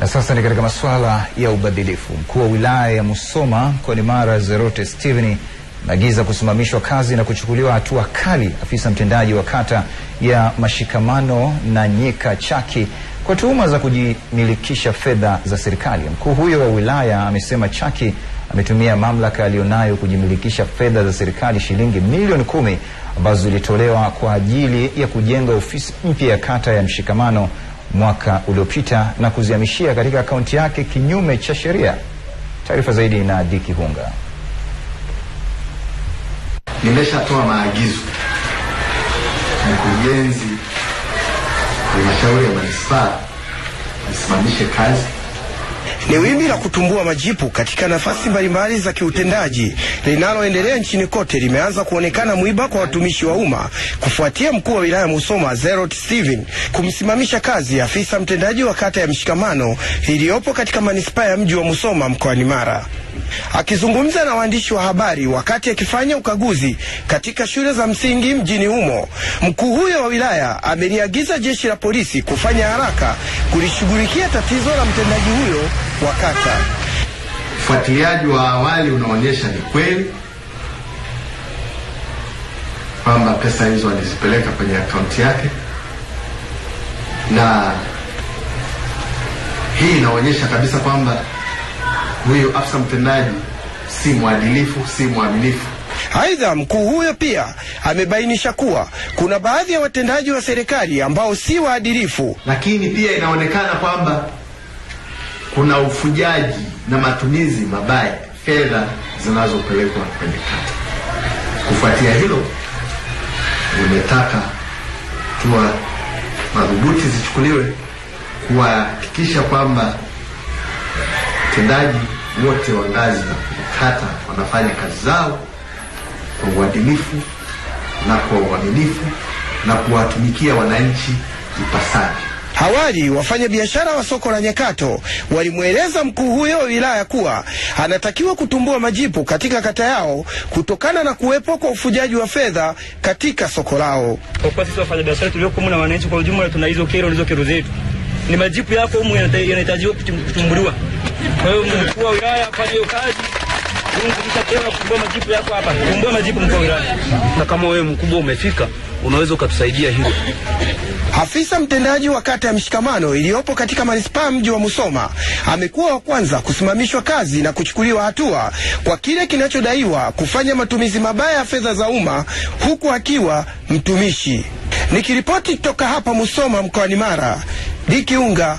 Na sasa ni katika masuala ya ubadilifu. Mkuu wa wilaya ya Musoma mkoani Mara, Zerote Steven ameagiza kusimamishwa kazi na kuchukuliwa hatua kali afisa mtendaji wa kata ya Mashikamano na Nyika Chaki kwa tuhuma za kujimilikisha fedha za serikali. Mkuu huyo wa wilaya amesema Chaki ametumia mamlaka aliyonayo kujimilikisha fedha za serikali shilingi milioni kumi ambazo zilitolewa kwa ajili ya kujenga ofisi mpya ya kata ya Mshikamano mwaka uliopita na kuzihamishia katika akaunti yake kinyume cha sheria. Taarifa zaidi na Diki Hunga. Nimeshatoa maagizo mkurugenzi halmashauri ya manispaa asimamishe kazi ni wimbi la kutumbua majipu katika nafasi mbalimbali za kiutendaji linaloendelea nchini kote limeanza kuonekana mwiba kwa watumishi wa umma kufuatia mkuu wa wilaya Musoma Zerot Steven kumsimamisha kazi afisa mtendaji wa kata ya Mshikamano iliyopo katika manispaa ya mji wa Musoma mkoani Mara. Akizungumza na waandishi wa habari wakati akifanya ukaguzi katika shule za msingi mjini humo, mkuu huyo wa wilaya ameliagiza jeshi la polisi kufanya haraka kulishughulikia tatizo la mtendaji huyo wa kata. Ufuatiliaji wa awali unaonyesha ni kweli kwamba pesa hizo alizipeleka kwenye akaunti yake, na hii inaonyesha kabisa kwamba huyu afisa mtendaji si mwadilifu, si mwaminifu. Aidha, mkuu huyo pia amebainisha kuwa kuna baadhi ya watendaji wa serikali ambao si waadilifu, lakini pia inaonekana kwamba kuna ufujaji na matumizi mabaya fedha zinazopelekwa kwenye kata. Kufuatia hilo, nimetaka hatua madhubuti zichukuliwe kuhakikisha kwamba watendaji wote wa ngazi za kata wanafanya kazi zao kwa uadilifu na kwa uaminifu na kuwatumikia wananchi ipasavyo. Awali wafanyabiashara wa soko la Nyakato walimweleza mkuu huyo wa wilaya kuwa anatakiwa kutumbua majipu katika kata yao kutokana na kuwepo kwa ufujaji wa fedha katika soko lao. Kwa kuwa sisi wafanyabiashara tuliokumu na wananchi kwa ujumla tuna hizo kero, ndizo kero zetu, ni majipu yako humu yanahitajiwa kutumbuliwa. Kwa hiyo mkuu wa wilaya afanye kazi, yako hapa, mkuu wa wilaya, na kama wewe mkubwa umefika, unaweza ukatusaidia hilo. Afisa mtendaji wa kata ya Mshikamano iliyopo katika manispaa mji wa Musoma amekuwa wa kwanza kusimamishwa kazi na kuchukuliwa hatua kwa kile kinachodaiwa kufanya matumizi mabaya ya fedha za umma huku akiwa mtumishi. Nikiripoti kutoka hapa Musoma mkoani Mara, Dikiunga